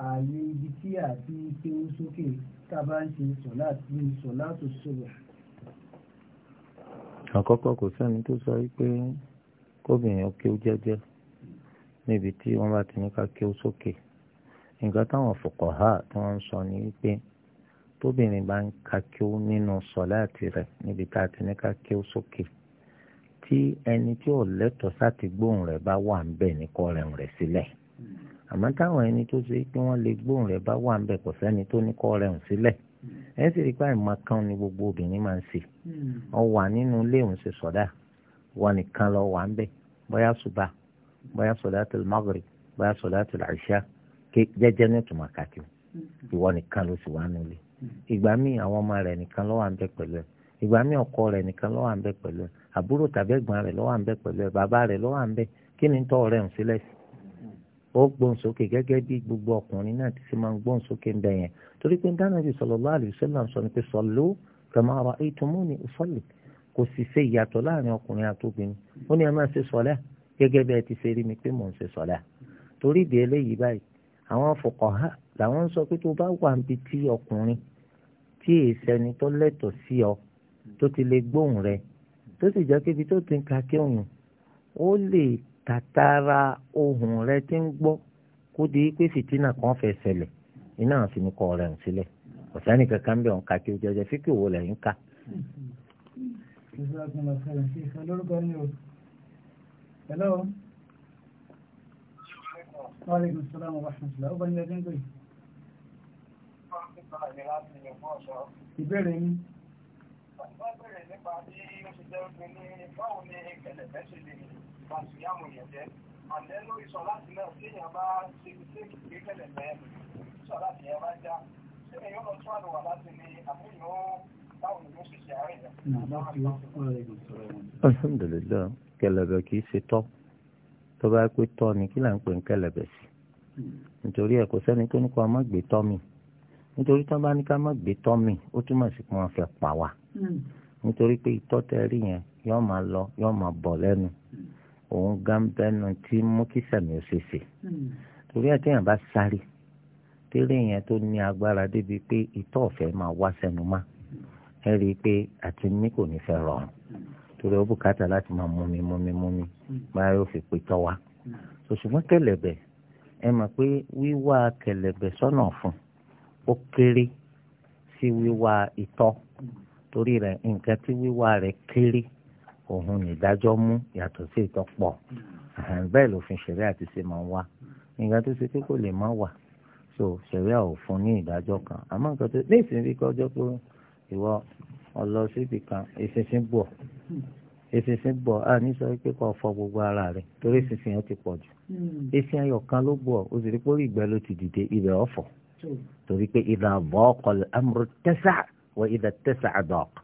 ààyè ibi tí àti kéwú sókè tàbá ń ṣe sọ̀láàtì ní sọ̀láàtì ṣòro. àkọ́kọ́ kò sẹ́ni tó sọ wípé kóbìnrin ọkẹ́ ó jẹ́jẹ́ níbi tí wọ́n bá ti ní ká kí ó sókè nǹkan táwọn fòkànhá tí wọ́n ń sọ ni wípé tóbìnrin bá ń ka kí ó nínú sọ̀láàtì rẹ̀ níbi tá a ti ní ká kí ó sókè tí ẹni tí ò lẹ́tọ̀ọ́ sáti gbóhùn rẹ̀ bá wà ń bẹ̀ ní kọ́ rẹ̀ rẹ̀ sílẹ̀ àmọ́ táwọn ẹni tó ṣe pé wọ́n lè gbóhùn rẹ̀ bá wà ń bẹ̀ kò sẹ́ni tó ní kọ́ rẹ̀ hùn sílẹ̀ hmm. ẹ̀ sì rí i pé àìmọ̀ kan ni gbogbo obìnrin máa ń ṣe hmm. ọ wà nínú ilé òun ṣe sọ̀dá wọn nìkan lọ wà ń bẹ̀ bóyá ṣùbà bóyá sọ̀dáàtì Maghrib bóyá sọ̀dáàtì Ìṣá jẹ́jẹ́ ní ìtumọ̀ kàtí hmm. ìwọ nìkan ló sì wà nílé ìgbà míì àwọn ọmọ rẹ̀ nìkan ló wà ń bẹ̀ pẹ̀lú ẹ̀ ìgbà míì ọkọ rẹ̀ nìkan ló wà ń bẹ̀ pẹ̀lú ẹ̀ àbúrò tàbí ẹ̀gbọ́n rẹ̀ ló wà ń bẹ̀ pẹ̀lú ẹ̀ bàbá rẹ̀ ló wà ń bẹ̀ kí ni tọ́ rẹ̀ ń sílẹ̀ sí ó gbóhùn sókè gẹ́gẹ́ bí gbogbo ọkùnrin náà ti ṣe máa ń gbóhùn sókè ń bẹ yẹn torí pé Ànábì sallallahu alaihi wasallam sọ ni pé sallu kama ra'aytumuni usalli kò sì ṣe ìyàtọ̀ láàrin ọkùnrin àtòbìnrin ó ní ẹ máa ṣe sọlá gẹ́gẹ́ bẹ́ẹ̀ ti ṣe rí mi pé mò ń ṣe sọlá torí ìdí eléyìí báyìí àwọn fuqaha làwọn ń sọ pé tó bá wà níbi tí ọkùnrin tí èsẹni tó lẹ́tọ̀ọ́ sí ọ tàtàrà ohùn rẹ ti ń gbọ́ kó di pé fìtínà kan fẹ́ ṣẹlẹ̀ iná àfi ní kọ́ rẹ̀ ń sílẹ̀ ọ̀sánì kankan bẹ́ẹ̀ ń ka kí o jẹjẹ fíkì òwò lẹ̀ ń ka. Hello. Wa ìbéèrè yín. wọ́n bẹ̀rẹ̀ nípa bí ó ṣe jẹ́ obìnrin báwo ni kẹ̀lẹ̀bẹ̀ ṣe lè ba sùyàmù yẹn jẹ́ àtẹ lórí sọ láti náà tí èèyàn bá ṣe ṣe ìgbé kẹlẹ̀ mẹ́ẹ̀ sọ láti yẹn bá já ṣé èèyàn lọ tún àlùwà láti ní àbúyọ báwo ni ṣe ṣe àárẹ̀ yẹn. alhamdulilayi kẹlẹbẹ kì í ṣe tọ tó bá pé tọ ni kí là ń pè ń kẹlẹbẹ sí hmm. nítorí ẹ kò sẹ́ni tó ní kó a má gbé tọ mi nítorí tó bá ní ká má gbé tọ mi ó túmọ̀ sí pé wọ́n fẹ́ pa wá hmm. nítorí pé ìtọ́ yẹn yóò máa lọ yóò máa bọ̀ lẹ́nu hmm òun gámbẹ́nu tí mú kí sàmì ó ṣe ṣe hmm. torí ẹ̀ téèyàn bá sáré tẹ́lẹ̀ yẹn tó ní agbára débi pé ìtọ̀ ọ̀fẹ́ máa wá sẹ́nu má ẹ rí i pé àti mí kò ní fẹ́ rọrùn torí ó bùkátà láti máa mumi mumi mumi máa hmm. yóò fi pé tọ́ wa hmm. ṣùgbọ́n kẹ̀lẹ̀bẹ̀ ẹ mọ̀ pé wíwá kẹ̀lẹ̀bẹ̀ sọ́nà fún ó kéré sí wíwá ìtọ̀ torí rẹ̀ nǹkan tí wíwá rẹ̀ kéré òun nìdájọ́ mú yàtọ̀ sí ìtọ́pọ̀ hmm. bẹ́ẹ̀ lòfin ṣẹ̀ríà ti ṣe máa wá hmm. nígbà tó ṣe pé kò lè má wà so ṣẹ̀ríà ò fún ní ìdájọ́ kan àmọ́ nǹkan tó ní ìsìn rí kọjọ́ pé ìwọ ọlọ síbi kan ìṣinṣin bọ̀ ìṣinṣin hmm. bọ̀ a ní sọ pé kò fọ gbogbo ara rẹ̀ torí ìṣinṣin yẹn ti pọ̀ jù ìṣin ayọ̀ kan ló bọ̀ o sì rí pé orí ìgbẹ́ ló ti dìde ibẹ̀ ọ̀fọ̀ torí pé ìdààbọ̀ ọkọ̀ amúrú tẹ́sà wọ ìdà tẹ́sà àdọ̀ọ̀kọ̀